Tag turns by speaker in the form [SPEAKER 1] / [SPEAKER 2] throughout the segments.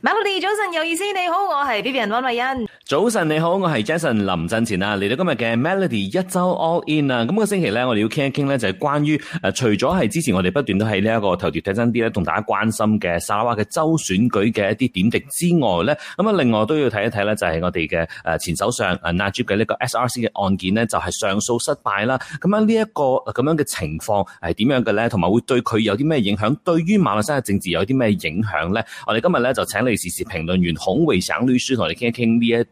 [SPEAKER 1] Melody 早晨有意思，你好，我係 Vivian 溫慧欣。
[SPEAKER 2] 早晨你好，我係 Jason 林振前啊，嚟到今日嘅 Melody 一周 All In 啊，咁、這個星期咧，我哋要傾一傾咧就係關於誒、啊，除咗係之前我哋不斷都喺呢一個頭條睇真啲咧，同大家關心嘅砂拉越嘅州選舉嘅一啲點滴之外咧，咁啊，另外都要睇一睇咧就係我哋嘅誒前首相誒納吉嘅呢個 SRC 嘅案件咧，就係、是、上訴失敗啦。咁、啊這個、樣呢一個咁樣嘅情況係點樣嘅咧？同埋會對佢有啲咩影響？對於馬來西亞政治有啲咩影響咧？我哋今日咧就請嚟時事評論員孔維省律師同我哋傾一傾呢一。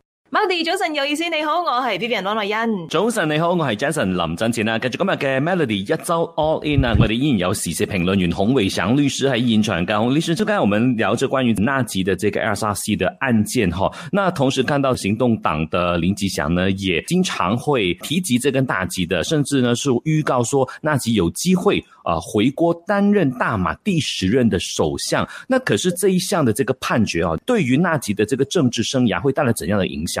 [SPEAKER 1] Melody 早晨有意思，你好，我係 Vivian 羅美欣。
[SPEAKER 2] 早晨你好，我係 Jason 林振前啊。繼續今日嘅 Melody 一周 All In 啊，我哋依然有時事評論員洪偉祥律師係現場嘅。跟洪律師就剛才我們聊咗關於納吉的這個 SRC 的案件哈，那同時看到行動黨的林吉祥呢，也經常會提及這根納吉的，甚至呢是預告說納吉有機會啊回國擔任大馬第十任的首相。那可是這一項的這個判決啊，對於納吉的這個政治生涯會帶來怎樣的影響？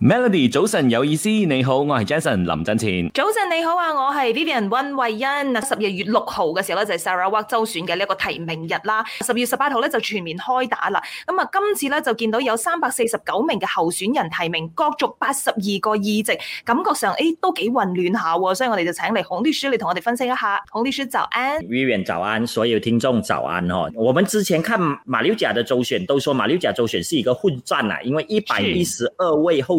[SPEAKER 2] Melody，早晨有意思，你好，我係 Jason 林振前。
[SPEAKER 1] 早晨你好啊，我係 Vivian 溫慧欣。嗱，十二月六號嘅時候咧就係、是、Sarah 州選嘅呢一個提名日啦，十二月十八號咧就全面開打啦。咁、嗯、啊，今次咧就見到有三百四十九名嘅候選人提名，角逐八十二個議席，感覺上誒、哎、都幾混亂下、哦，所以我哋就請嚟孔律師嚟同我哋分析一下。孔律師早安
[SPEAKER 3] ，Vivian 早安，所有聽眾早安哦。我們之前看馬六甲的州選，都說馬六甲州選是一個混戰啊，因為一百一十二位候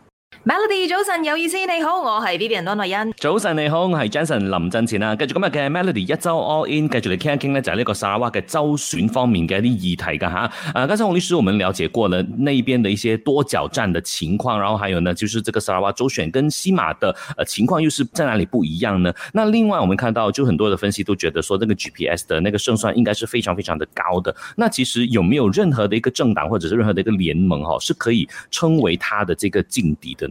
[SPEAKER 1] Melody 早晨有意思，你好，我是 Vivian 安諾欣。
[SPEAKER 2] 早晨你好，我係 Jensen 林振前啊。繼續今日嘅 Melody 一周 All In，繼續嚟傾一傾呢，就係呢個砂拉越嘅州選方面嘅議題嘅吓。啊、呃，剛才黃律師，我們了解過呢，那邊的一些多角戰的情況，然後還有呢，就是這個砂拉越，ah、州選跟西馬的誒、呃、情況又是在哪裏不一樣呢？那另外我們看到，就很多的分析都覺得說，那個 GPS 的那個勝算應該是非常非常的高嘅。那其實有沒有任何的一個政黨，或者是任何的一個聯盟，哈，是可以稱爲它的這個勁敵的？